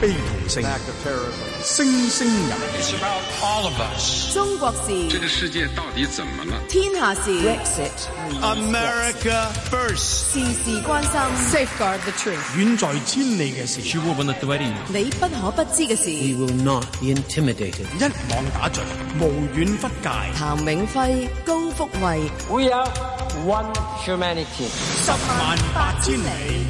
背負盛，聲聲入。中國事，這個世界到底怎麼了？天下事，America First。事事關心，Safeguard the truth，遠在千里嘅事，你不可不知嘅事。We will not be intimidated。一網打盡，無遠不屆。譚永輝、高福慧，We are One Humanity 十萬八千里。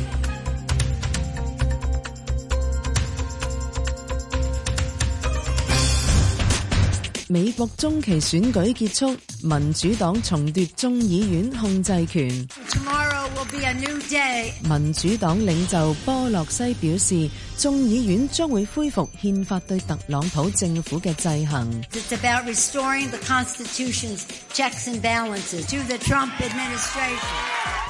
美國中期選舉結束，民主黨重奪眾議院控制權。Tomorrow will be a new day. 民主黨領袖波洛西表示，眾議院將會恢復憲法對特朗普政府嘅制衡。It's about restoring the Constitution's checks and balances to the Trump administration.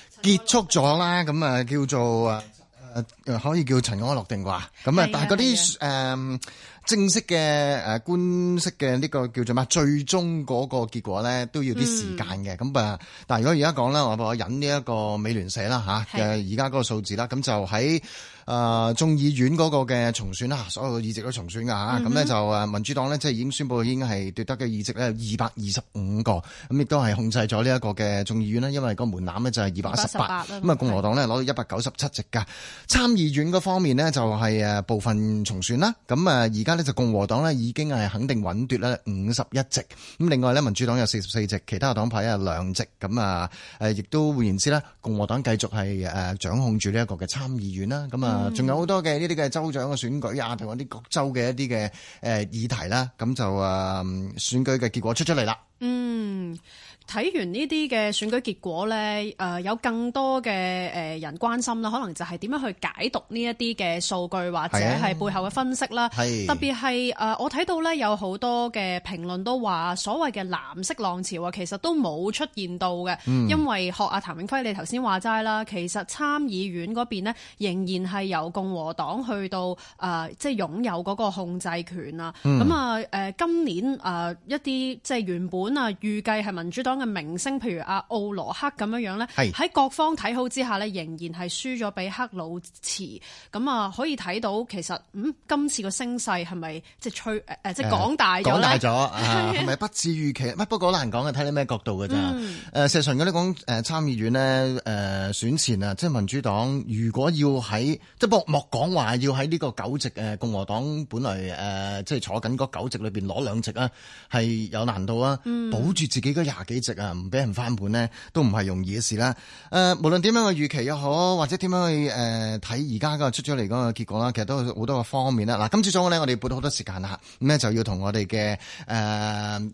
結束咗啦，咁啊叫做啊、呃，可以叫塵埃落定啩。咁啊的，但係嗰啲誒正式嘅誒、呃、官式嘅呢個叫做咩？最終嗰個結果咧，都要啲時間嘅。咁啊、嗯，但係如果而家講啦，我引呢一個美聯社啦吓，誒而家嗰個數字啦，咁的就喺。誒、呃、眾議院嗰個嘅重選啦，所有議席都重選噶嚇，咁呢、嗯、哼就誒民主黨呢，即係已經宣布已經係奪得嘅議席呢，有二百二十五個，咁亦都係控制咗呢一個嘅眾議院啦，因為個門檻呢就係二百一十八，咁啊共和黨呢，攞的到一百九十七席噶。參議院嗰方面呢，就係、是、誒部分重選啦，咁啊而家呢，就共和黨呢已經係肯定穩奪呢五十一席，咁另外呢，民主黨有四十四席，其他黨派啊兩席，咁啊誒亦都換言之呢共和黨繼續係誒、啊、掌控住呢一個嘅參議院啦，咁啊。啊，仲有好多嘅呢啲嘅州長嘅選舉啊，同埋啲各州嘅一啲嘅誒議題啦，咁就誒選舉嘅結果出出嚟啦。嗯。睇完呢啲嘅選舉結果咧，誒、呃、有更多嘅誒人關心啦，可能就係點樣去解讀呢一啲嘅數據或者係背後嘅分析啦。啊、特別係誒我睇到咧，有好多嘅評論都話所謂嘅藍色浪潮啊，其實都冇出現到嘅，嗯、因為學阿譚永輝你頭先話齋啦，其實參議院嗰邊咧仍然係由共和黨去到誒即係擁有嗰個控制權啊。咁啊誒今年誒、呃、一啲即係原本啊預計係民主黨。明星，譬如阿奧羅克咁樣樣咧，喺各方睇好之下呢，仍然係輸咗俾克魯茲。咁、嗯、啊，可以睇到其實，嗯，今次個聲勢係咪即係吹誒即係講大咗？講大咗係咪不至預期？乜 不，不過好難講啊，睇你咩角度㗎咋？誒、嗯，事實上嗰啲講誒參議院呢，誒、呃、選前啊，即係民主黨如果要喺即係，不、就是、莫講話要喺呢個九席誒共和黨本來誒，即、呃、係、就是、坐緊嗰九席裏邊攞兩席啊，係有難度啊，保住自己嗰廿幾席。嗯。啊！唔俾人翻本咧，都唔係容易嘅事啦。誒、呃，無論點樣去預期又好，或者點樣去誒睇而家嘅出咗嚟嗰個結果啦，其實都好多個方面啦。嗱，今次早咧，我哋撥咗好多時間啦吓，咁咧就要同我哋嘅誒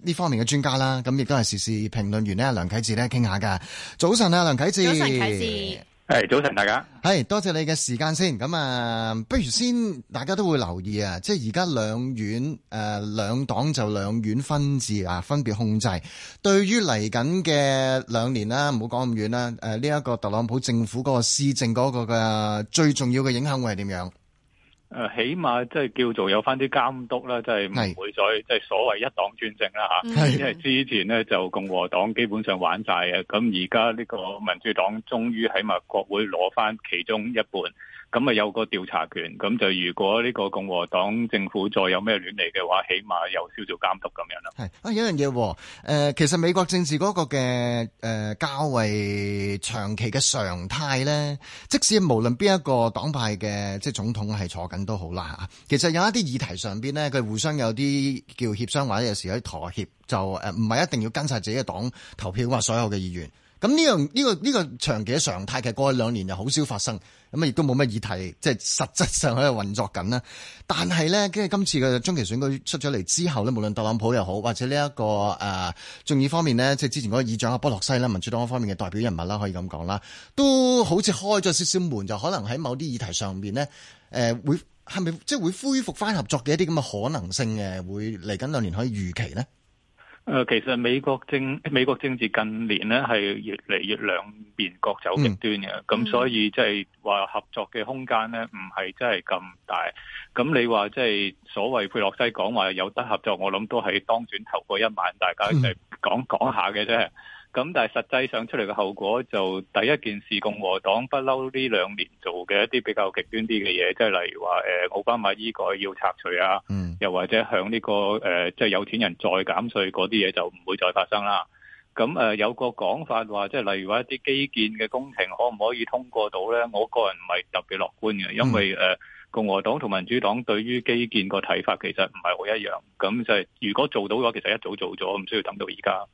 呢方面嘅專家啦，咁亦都係時事評論員咧梁啟智咧傾下㗎。早晨啊，梁啟智。係早晨，大家係多謝你嘅時間先。咁啊，不如先大家都會留意啊，即係而家兩院誒兩黨就兩院分治啊，分別控制。對於嚟緊嘅兩年啦，唔好講咁遠啦。誒，呢一個特朗普政府嗰個施政嗰個嘅最重要嘅影響會係點樣？誒，起碼即係叫做有翻啲監督啦，即係唔會再即係所謂一黨專政啦吓，係因為之前咧就共和黨基本上玩晒嘅，咁而家呢個民主黨終於喺埋國會攞翻其中一半。咁咪有個調查權，咁就如果呢個共和黨政府再有咩亂嚟嘅話，起碼有少少監督咁樣啦。係啊，有樣嘢喎、呃，其實美國政治嗰個嘅誒較為長期嘅常態咧，即使無論邊一個黨派嘅即係總統係坐緊都好啦嚇，其實有一啲議題上邊咧，佢互相有啲叫協商或者有時候有啲妥協，就唔係、呃、一定要跟晒自己嘅黨投票話所有嘅議員。咁呢樣呢個呢個呢個長期嘅常態，其實過去兩年就好少發生，咁啊亦都冇乜議題，即係實質上喺度運作緊啦。但係咧，跟住今次嘅中期選舉出咗嚟之後咧，無論特朗普又好，或者呢一個誒眾議方面呢，即係之前嗰個議長阿波洛西啦，民主黨方面嘅代表人物啦，可以咁講啦，都好似開咗少少門，就可能喺某啲議題上邊呢，誒、呃，會係咪即係會恢復翻合作嘅一啲咁嘅可能性嘅，會嚟緊兩年可以預期呢。誒、呃，其實美國政美國政治近年咧係越嚟越兩邊各走極端嘅，咁、嗯、所以即係話合作嘅空間咧唔係真係咁大。咁你話即係所謂佩洛西講話有得合作，我諗都係當選頭嗰一晚，大家即係講講下嘅啫。咁但係實際上出嚟嘅後果就第一件事，共和黨不嬲呢兩年做嘅一啲比較極端啲嘅嘢，即係例如話誒奧巴馬醫改要拆除啊，嗯、又或者向呢、呢個誒即係有錢人再減稅嗰啲嘢就唔會再發生啦。咁誒、呃、有個講法話，即係例如話一啲基建嘅工程可唔可以通過到咧？我個人唔係特別樂觀嘅，嗯、因為誒、呃、共和黨同民主黨對於基建個睇法其實唔係好一樣。咁就係如果做到嘅話，其實一早做咗，唔需要等到而家。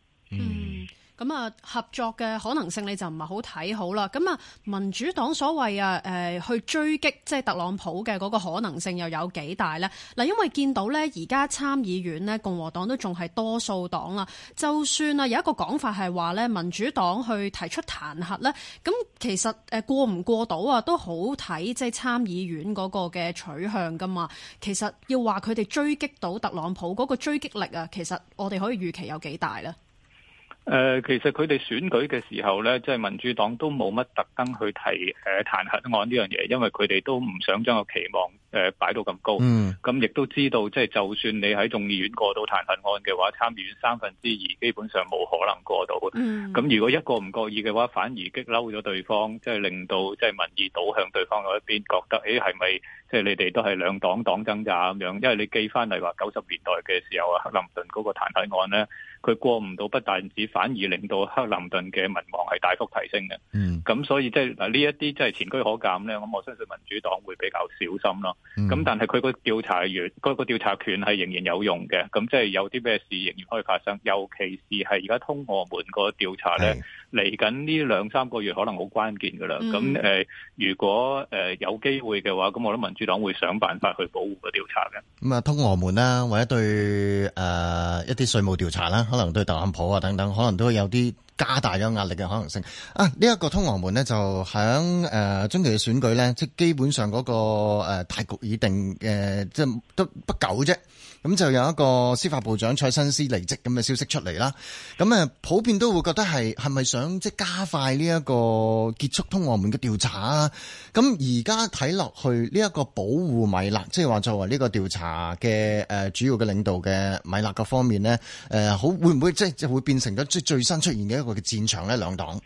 咁啊，合作嘅可能性你就唔係好睇好啦。咁啊，民主黨所謂啊，誒、呃、去追擊即係特朗普嘅嗰個可能性又有幾大呢？嗱，因為見到呢，而家參議院呢，共和黨都仲係多數黨啦。就算啊，有一個講法係話呢，民主黨去提出彈劾呢，咁其實誒過唔過得到啊都好睇，即係參議院嗰個嘅取向噶嘛。其實要話佢哋追擊到特朗普嗰、那個追擊力啊，其實我哋可以預期有幾大呢？誒、呃，其實佢哋選舉嘅時候咧，即係民主黨都冇乜特登去提誒、呃、彈劾案呢樣嘢，因為佢哋都唔想將個期望誒、呃、擺到咁高。咁亦都知道，即係就算你喺眾議院過到彈劾案嘅話，參議院三分之二基本上冇可能過到。咁、mm. 如果一個唔覺意嘅話，反而激嬲咗對方，即係令到即係民意倒向對方嗰一邊，覺得咦係咪即係你哋都係兩黨黨爭咋咁樣？因為你記翻嚟話九十年代嘅時候啊，克林頓嗰個彈劾案咧。佢過唔到不但止，反而令到克林頓嘅民望係大幅提升嘅。咁、嗯、所以即係嗱呢一啲即係前車可鑒咧，咁我相信民主黨會比較小心咯。咁、嗯、但係佢個調查員嗰個調查權係仍然有用嘅。咁即係有啲咩事仍然可以發生，尤其是係而家通俄門個調查咧。嚟緊呢兩三個月可能好關鍵㗎喇，咁誒、嗯、哼如果誒有機會嘅話，咁我諗民主黨會想辦法去保護個調查嘅。咁啊，通俄門啦，或者對誒、呃、一啲稅務調查啦，可能對特朗普啊等等，可能都有啲。加大咗壓力嘅可能性啊！呢、這、一個通俄門咧，就喺誒中期嘅選舉咧，即係基本上嗰、那個、呃、大局已定誒、呃、即係都不久啫。咁就有一個司法部長蔡新思離職咁嘅消息出嚟啦。咁誒普遍都會覺得係係咪想即係加快呢一個結束通俄門嘅調查啊？咁而家睇落去呢一、這個保護米勒，即係話作為呢個調查嘅誒、呃、主要嘅領導嘅米勒嘅方面咧，誒、呃、好會唔會即係會變成咗即係最新出現嘅？個嘅戰場咧，兩黨。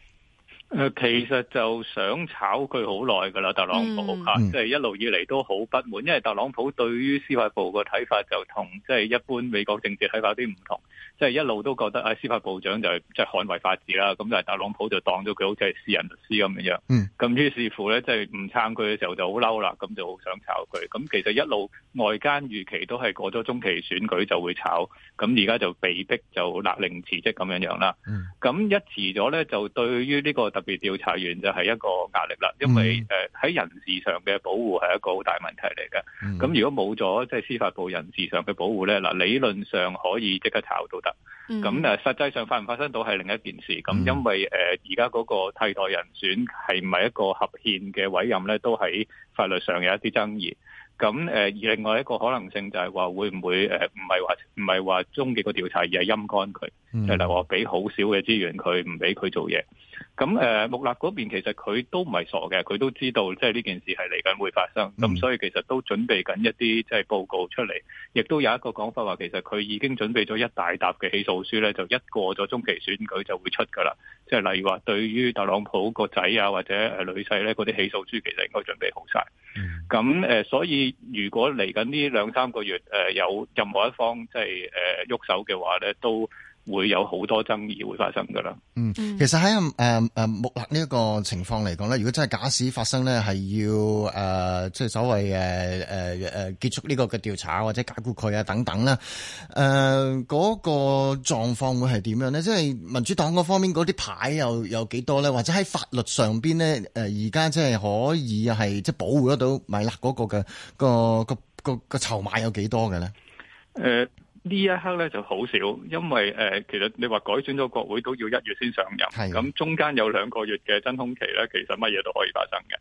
誒，其實就想炒佢好耐噶啦，特朗普吓，即係、嗯、一路以嚟都好不滿，因為特朗普對於司法部個睇法，就同即係一般美國政治睇法啲唔同，即係一路都覺得啊、哎，司法部長就即係捍衛法治啦，咁但係特朗普就當咗佢好似係私人律師咁樣，嗯、咁於是乎咧，即係唔撐佢嘅時候就好嬲啦，咁就好想炒佢。咁其實一路外間預期都係過咗中期選舉就會炒，咁而家就被逼就勒令辭職咁樣樣啦。咁、嗯、一辭咗咧，就對於呢個。特別調查員就係一個壓力啦，因為誒喺人事上嘅保護係一個好大問題嚟嘅。咁如果冇咗即係司法部人事上嘅保護咧，嗱理論上可以即刻炒都得。咁誒實際上發唔發生到係另一件事。咁因為誒而家嗰個替代人選係唔係一個合憲嘅委任咧，都喺法律上有一啲爭議。咁而另外一個可能性就係話會唔會誒，唔係話唔係話終結個調查，而係陰乾佢，嗯、就係話俾好少嘅資源，佢唔俾佢做嘢。咁、嗯、誒，穆勒嗰邊其實佢都唔係傻嘅，佢都知道即係呢件事係嚟緊會發生。咁、嗯、所以其實都準備緊一啲即係報告出嚟，亦都有一個講法話，其實佢已經準備咗一大沓嘅起訴書咧，就一過咗中期選舉就會出噶啦。即係例如話，對於特朗普個仔啊或者誒女婿咧，嗰啲起訴書其實應該準備好晒。嗯咁誒、呃，所以如果嚟緊呢兩三個月誒、呃，有任何一方即係誒喐手嘅話咧，都會有好多爭議會發生噶啦。嗯，嗯，其實喺誒誒穆勒呢一個情況嚟講咧，如果真係假使發生呢係要誒即係所謂誒誒誒結束呢個嘅調查或者解雇佢啊等等啦。誒、呃、嗰、那個狀況會係點樣呢？即、就、係、是、民主黨嗰方面嗰啲牌又有幾多咧？或者喺法律上邊呢？誒而家即係可以係即係保護得到米勒嗰個嘅、那個、那個、那個、那個籌碼、那個、有幾多嘅咧？誒、呃。呢一刻咧就好少，因為誒，其實你話改選咗國會都要一月先上任，咁中間有兩個月嘅真空期咧，其實乜嘢都可以發生嘅。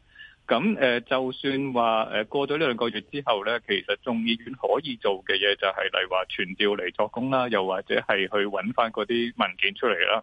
咁誒，就算話誒過咗呢兩個月之後咧，其實眾議院可以做嘅嘢就係例如話傳召嚟作供啦，又或者係去揾翻嗰啲文件出嚟啦。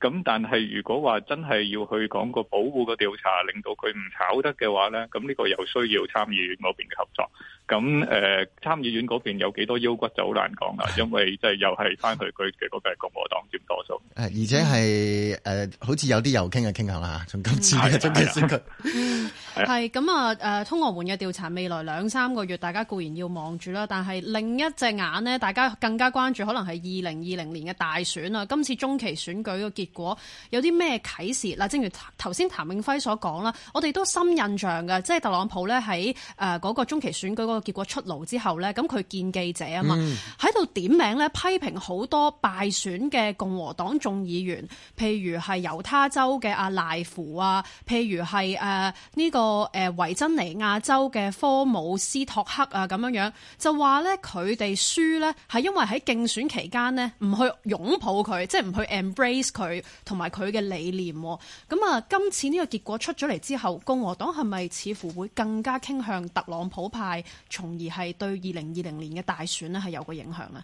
咁但係如果話真係要去講個保護個調查，令到佢唔炒得嘅話咧，咁呢個又需要參議院邊嘅合作。咁誒、呃，參議院嗰邊有幾多腰骨就好難講啦，因為即係又係翻去佢嘅嗰個共和黨佔多數。而且係誒、呃，好似有啲又傾又傾下啦，從今次嘅中期選舉。嗯，係咁啊，通俄門嘅調查未來兩三個月，大家固然要望住啦，但係另一隻眼呢，大家更加關注可能係二零二零年嘅大選啊。今次中期選舉嘅結果有啲咩啟示啦？正如頭先譚永輝所講啦，我哋都深印象嘅，即係特朗普呢喺誒嗰個中期選舉。個結果出爐之後呢，咁佢見記者啊嘛，喺度、嗯、點名咧批評好多敗選嘅共和黨眾議員，譬如係猶他州嘅阿賴夫啊，譬如係誒呢個誒呃、維珍尼亞州嘅科姆斯托克啊，咁樣樣就話呢，佢哋輸呢係因為喺競選期間呢唔去擁抱佢，即係唔去 embrace 佢同埋佢嘅理念。咁啊，今次呢個結果出咗嚟之後，共和黨係咪似乎會更加傾向特朗普派？從而係對二零二零年嘅大選咧係有個影響咧。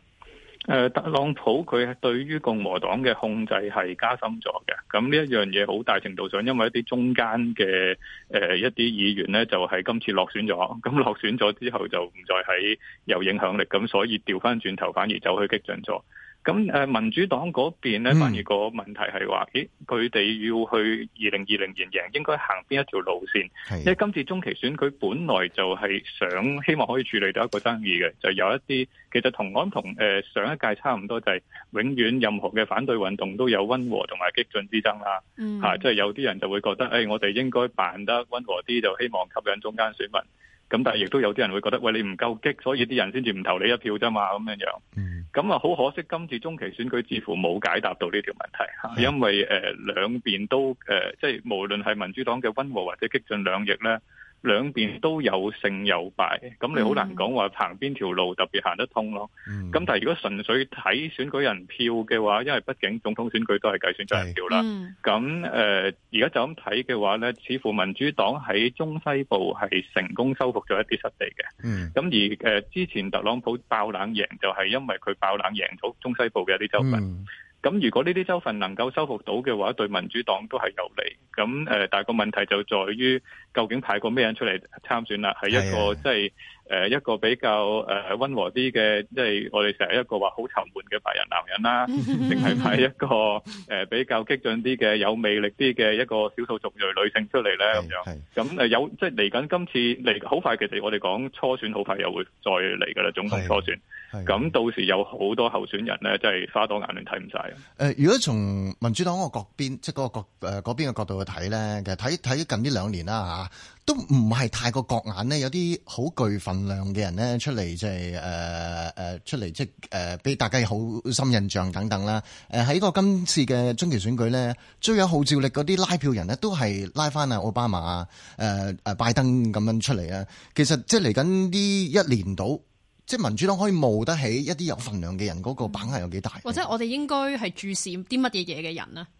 誒、呃，特朗普佢對於共和黨嘅控制係加深咗嘅。咁呢一樣嘢好大程度上因為一啲中間嘅誒、呃、一啲議員咧就係、是、今次落選咗，咁落選咗之後就唔再喺有影響力，咁所以掉返轉頭反而走去激進咗。咁誒，民主黨嗰邊咧，反而個問題係話，嗯、咦，佢哋要去二零二零年贏應該行邊一條路線？的因為今次中期選舉本來就係想希望可以處理到一個爭議嘅，就有一啲其實同我同誒上一屆差唔多，就是，就係永遠任何嘅反對運動都有温和同埋激進之爭啦。吓、嗯，即係，啊就是，有啲人就會覺得，誒、哎，我哋應該辦得温和啲，就希望吸引中間選民。咁但係亦都有啲人會覺得，喂，你唔夠激，所以啲人先至唔投你一票啫嘛，咁樣樣。咁啊，好可惜，今次中期選舉似乎冇解答到呢條問題吓，因為誒、呃、兩邊都誒、呃，即係無論係民主黨嘅溫和或者激進兩翼咧。兩邊都有勝有敗，咁你好難講話行邊條路特別行得通咯。咁、嗯、但係如果純粹睇選舉人票嘅話，因為畢竟總統選舉都係計選咗人票啦。咁誒、嗯，而家、呃、就咁睇嘅話咧，似乎民主黨喺中西部係成功收復咗一啲失地嘅。咁、嗯、而誒、呃，之前特朗普爆冷贏就係因為佢爆冷贏咗中西部嘅一啲州份。嗯咁如果呢啲州份能夠收復到嘅話，對民主黨都係有利。咁誒、呃，但係個問題就在於，究竟派個咩人出嚟參選啦、啊？係一個即係的誒一個比較誒溫和啲嘅，即係我哋成日一個話好沉悶嘅白人男人啦，定係派一個誒比較激進啲嘅有魅力啲嘅一個少數族裔女性出嚟咧咁樣。咁誒有即係嚟緊今次嚟好快，其實我哋講初選好快又會再嚟噶啦，總統初選。咁到時有好多候選人咧，即係花多眼亂睇唔曬。誒，如果從民主黨嗰個邊，即係嗰個角誒嗰邊嘅角度去睇咧，其實睇睇近呢兩年啦嚇。都唔係太過覺眼咧，有啲好具份量嘅人咧出嚟即係誒誒出嚟即係誒俾大家好深印象等等啦。誒喺個今次嘅中期選舉咧，最有號召力嗰啲拉票人咧都係拉翻啊奧巴馬、誒、呃、誒拜登咁樣出嚟啊。其實即係嚟緊呢一年度，即係民主黨可以冒得起一啲有份量嘅人嗰個版塊有幾大？或者我哋應該係注視啲乜嘢嘢嘅人呢、啊？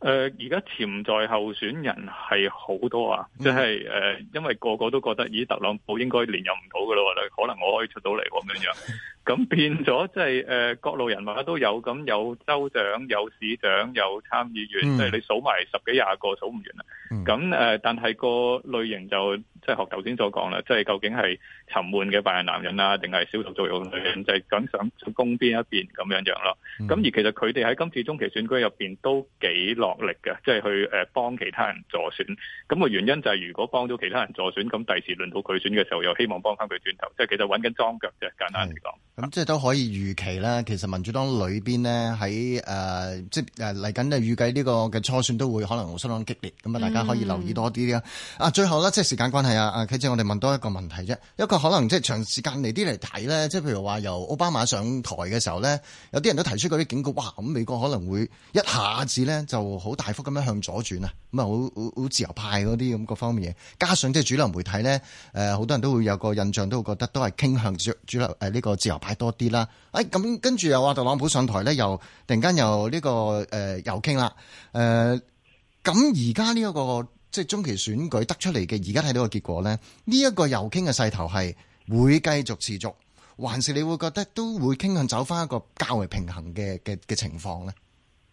誒而家潛在候選人係好多啊，即係誒，因為個個都覺得咦，特朗普應該連任唔到㗎喇，可能我可以出到嚟咁樣。 咁變咗即係誒各路人馬都有，咁有州長、有市長、有參議員，即係、嗯、你數埋十幾廿個數唔完啦。咁誒、嗯呃，但係個類型就即係、就是、學頭先所講啦，即、就、係、是、究竟係沉悶嘅白人男人啊，定係少數族裔女人，就係、是、想上攻邊一邊咁樣樣咯。咁、嗯、而其實佢哋喺今次中期選舉入面都幾落力嘅，即、就、係、是、去誒、呃、幫其他人助選。咁、那個原因就係如果幫到其他人助選，咁第時輪到佢選嘅時候，又希望幫翻佢轉頭，即、就、係、是、其實揾緊樁腳啫，簡單嚟講。嗯。咁即係都可以預期啦。其實民主黨裏邊呢，喺、呃、誒即係嚟緊預計呢個嘅初選都會可能相當激烈。咁啊，大家可以留意多啲啦。啊、嗯，最後啦，即係時間關係啊，阿 K 姐，我哋問多一個問題啫。一個可能即係長時間嚟啲嚟睇呢。即係譬如話由奧巴馬上台嘅時候呢，有啲人都提出嗰啲警告，哇！咁美國可能會一下子呢就好大幅咁樣向左轉啊，咁啊好好自由派嗰啲咁個方面嘢。加上即係主流媒體呢，誒、呃、好多人都會有個印象，都會覺得都係傾向主流呢個自由派。多啲啦！哎，咁跟住又話特朗普上台咧，這個呃，又突然間又呢個誒又傾啦。誒，咁而家呢一個即係中期選舉得出嚟嘅，而家睇到個結果咧，呢、這、一個又傾嘅勢頭係會繼續持續，還是你會覺得都會傾向走翻一個較為平衡嘅嘅嘅情況咧？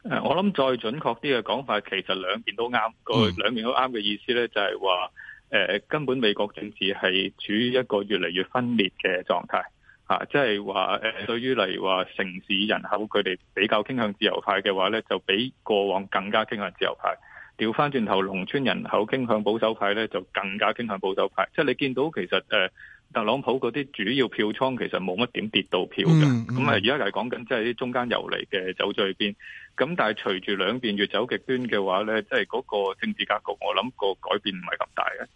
誒、呃，我諗再準確啲嘅講法，其實兩邊都啱，個兩邊都啱嘅意思咧，就係話誒根本美國政治係處於一個越嚟越分裂嘅狀態。啊，即係話誒，對於例如話城市人口，佢哋比較傾向自由派嘅話咧，就比過往更加傾向自由派。調翻轉頭，農村人口傾向保守派咧，就更加傾向保守派。即、就、係、是、你見到其實誒、呃，特朗普嗰啲主要票倉其實冇乜點跌到票㗎。咁啊、嗯，而家係講緊即係啲中間遊離嘅走在邊。咁但係隨住兩邊越走極端嘅話咧，即係嗰個政治格局，我諗個改變唔係咁大嘅。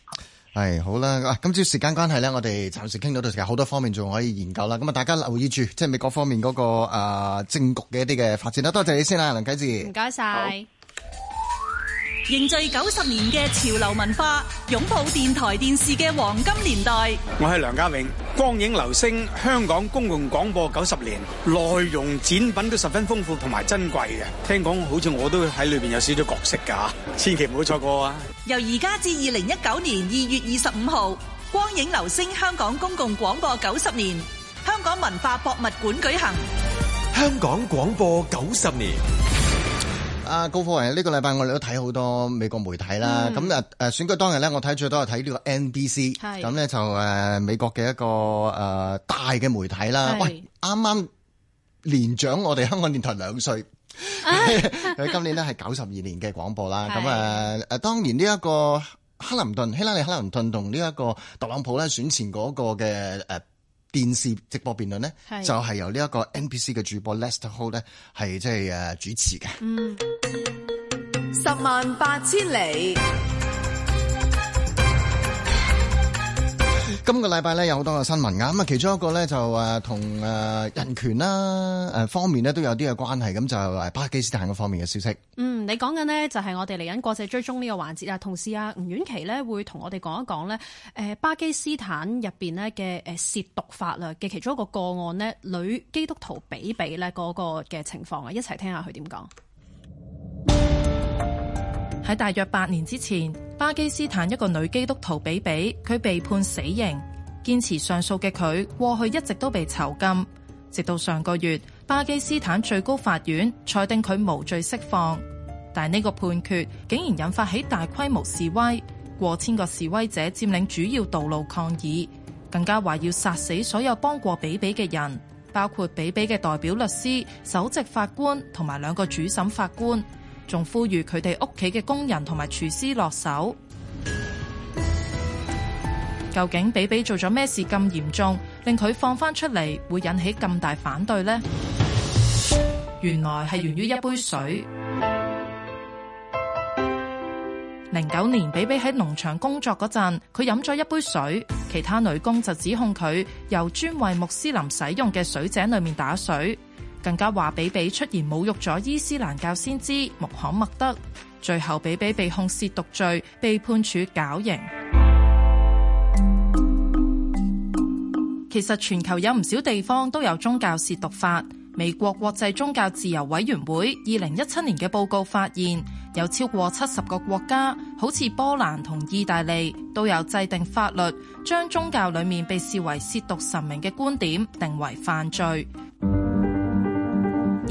係好啦，咁即係時間關係咧，我哋暫時傾到到時間，好多方面仲可以研究啦。咁啊，大家留意住，即係美國方面嗰、那個誒、呃、政局嘅一啲嘅發展啦。多謝你先啦，梁啟智。唔該晒。凝聚九十年嘅潮流文化，擁抱電台電視嘅黃金年代。我係梁家永，光影流聲香港公共廣播九十年內容展品都十分豐富同埋珍貴嘅。聽講好似我都喺裏邊有少少角色噶，千祈唔好錯過啊！由而家至二零一九年二月二十五號，光影流聲香港公共廣播九十年，香港文化博物館舉行香港廣播九十年。啊，高科人呢、這個禮拜我哋都睇好多美國媒體啦。咁、嗯、啊，誒選舉當日咧，我睇最多係睇呢個 NBC 是。係咁咧，就誒美國嘅一個誒、呃、大嘅媒體啦。喂是，啱啱年長我哋香港電台兩歲，佢 今年咧係九十二年嘅廣播啦。咁誒誒，當年呢一個克林頓希拉里克林頓同呢一個特朗普咧選前嗰個嘅誒。呃電視直播辯論咧，是就係由呢一個 NBC 嘅主播 Lester Holt 咧，係即係誒主持嘅。嗯，十萬八千里。今個禮拜咧有好多嘅新聞啊，咁啊其中一個咧就誒同誒人權啦誒方面咧都有啲嘅關係，咁就係巴基斯坦嗰方面嘅消息。嗯，你講緊呢就係我哋嚟緊國際追蹤呢個環節啊，同時阿吳沅琪咧會同我哋講一講咧，誒巴基斯坦入邊咧嘅誒褻瀆法律嘅其中一個個案呢，女基督徒比比咧嗰個嘅情況啊，一齊聽下佢點講。喺大約八年之前，巴基斯坦一個女基督徒比比，佢被判死刑，堅持上訴嘅佢過去一直都被囚禁，直到上個月，巴基斯坦最高法院裁定佢無罪釋放。但呢個判決竟然引發起大規模示威，過千個示威者佔領主要道路抗議，更加話要殺死所有幫過比比嘅人，包括比比嘅代表律師、首席法官同埋兩個主審法官。仲呼籲佢哋屋企嘅工人同埋廚師落手。究竟比比做咗咩事咁嚴重，令佢放翻出嚟會引起咁大反對呢？原來係源於一杯水。零九年，比比喺農場工作嗰陣，佢飲咗一杯水，其他女工就指控佢由專為穆斯林使用嘅水井裏面打水。更加話比比出現侮辱咗伊斯蘭教先知穆罕默德，最後比比被控褻瀆罪，被判處絞刑。 其實全球有唔少地方都有宗教褻瀆法。美國國際宗教自由委員會二零一七年嘅報告發現，有超過七十個國家，好似波蘭同意大利，都有制定法律將宗教裏面被視為褻瀆神明嘅觀點定為犯罪。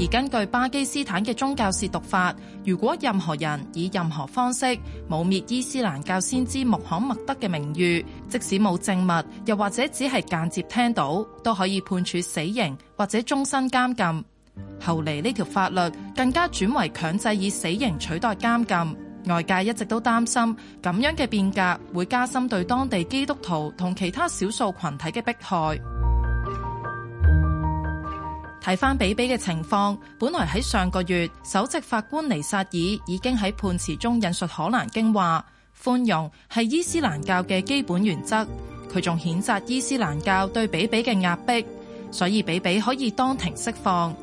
而根據巴基斯坦嘅宗教褻瀆法，如果任何人以任何方式侮蔑伊斯蘭教先知穆罕默德嘅名譽，即使冇證物，又或者只係間接聽到，都可以判處死刑或者終身監禁。後嚟呢條法律更加轉為強制以死刑取代監禁，外界一直都擔心咁樣嘅變革會加深對當地基督徒同其他少數群體嘅迫害。睇翻比比嘅情況，本來喺上個月，首席法官尼薩爾已經喺判詞中引述可蘭經話，寬容係伊斯蘭教嘅基本原則。佢仲譴責伊斯蘭教對比比嘅壓迫，所以比比可以當庭釋放。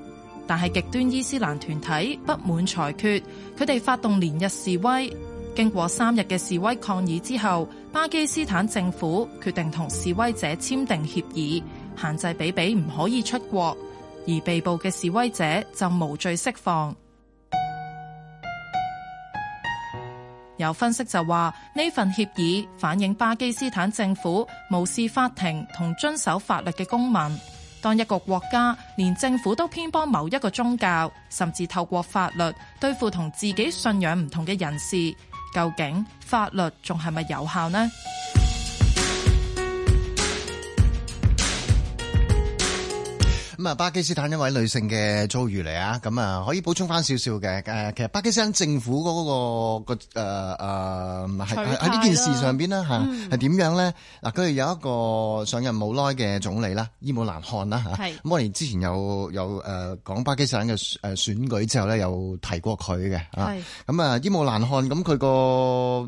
但係極端伊斯蘭團體不滿裁決，佢哋發動連日示威。經過三日嘅示威抗議之後，巴基斯坦政府決定同示威者簽訂協議，限制比比唔可以出國。而被捕嘅示威者就無罪釋放。有分析就話，呢份協議反映巴基斯坦政府無視法庭同遵守法律嘅公民。當一個國家連政府都偏幫某一個宗教，甚至透過法律對付同自己信仰唔同嘅人士，究竟法律仲係咪有效呢？咁啊，巴基斯坦一位女性嘅遭遇嚟啊，咁啊可以補充翻少少嘅，誒其實巴基斯坦政府嗰、嗰個個，誒誒誒係喺呢件事上邊咧吓，係點、嗯、樣咧？嗱，佢哋有一個上任冇耐嘅總理啦，伊姆蘭汗啦吓，咁是，我哋之前有有誒講巴基斯坦嘅誒選舉之後咧，有提過佢嘅。係咁啊，伊姆蘭汗咁佢個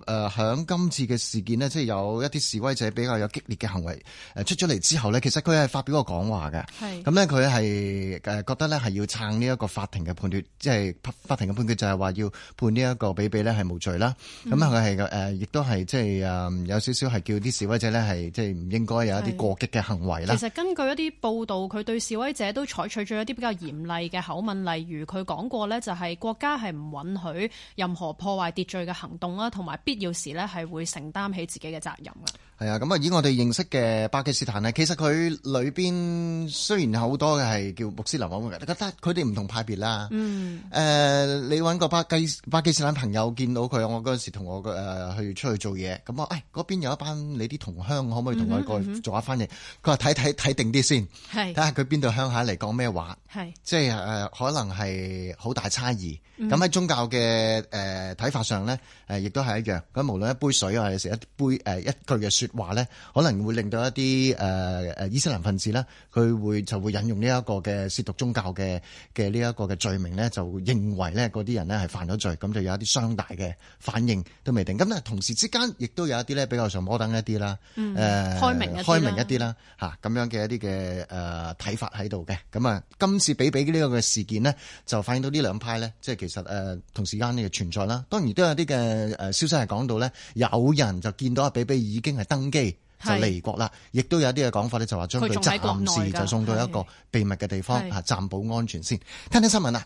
誒響今次嘅事件咧，即係有一啲示威者比較有激烈嘅行為誒出咗嚟之後咧，其實佢係發表個講話嘅。係咁咧，佢。佢係誒覺得咧，係要撐呢一個法庭嘅判決，即係法庭嘅判決就係話要判呢一個比比咧係無罪啦。咁佢係誒，亦、呃、都係即係誒有少少係叫啲示威者咧係即係唔應該有一啲過激嘅行為啦。其實根據一啲報道，佢對示威者都採取咗一啲比較嚴厲嘅口吻，例如佢講過咧，就係國家係唔允許任何破壞秩序嘅行動啦，同埋必要時咧係會承擔起自己嘅責任噶。係啊，咁啊、嗯、以我哋認識嘅巴基斯坦咧，其實佢裏邊雖然有好多嘅係叫穆斯林咁嘅，我覺得佢哋唔同派別啦。嗯。呃、你搵個巴基巴基斯坦朋友見到佢，我嗰陣時同我去、呃、出去做嘢，咁、嗯、啊，誒、哎、嗰邊有一班你啲同鄉，可唔可以同佢過去做下翻譯？佢話睇睇睇定啲先，睇下佢邊度鄉下嚟講咩話，是即係、呃、可能係好大差異。咁喺、嗯嗯、宗教嘅誒睇法上咧、呃，亦都係一樣。咁無論一杯水或者食一杯誒、呃、一句嘅説。話咧可能會令到一啲誒誒伊斯蘭分子咧，佢會就會引用呢一個嘅褻瀆宗教嘅嘅呢一個嘅罪名咧，就認為咧嗰啲人咧係犯咗罪，咁就有一啲相大嘅反應都未定。咁咧同時之間亦都有一啲咧比較上摩登一啲啦，誒開明開明一啲啦吓咁樣嘅一啲嘅誒睇法喺度嘅。咁啊今次比比呢個嘅事件呢，就反映到呢兩派呢，即係其實誒、呃、同時間嘅存在啦。當然都有啲嘅誒消息係講到呢，有人就見到阿比比已經係登機就離國啦，亦都有一啲嘅講法咧，就話將佢暫時就送到一個秘密嘅地方吓，暫保安全先。聽聽新聞啦。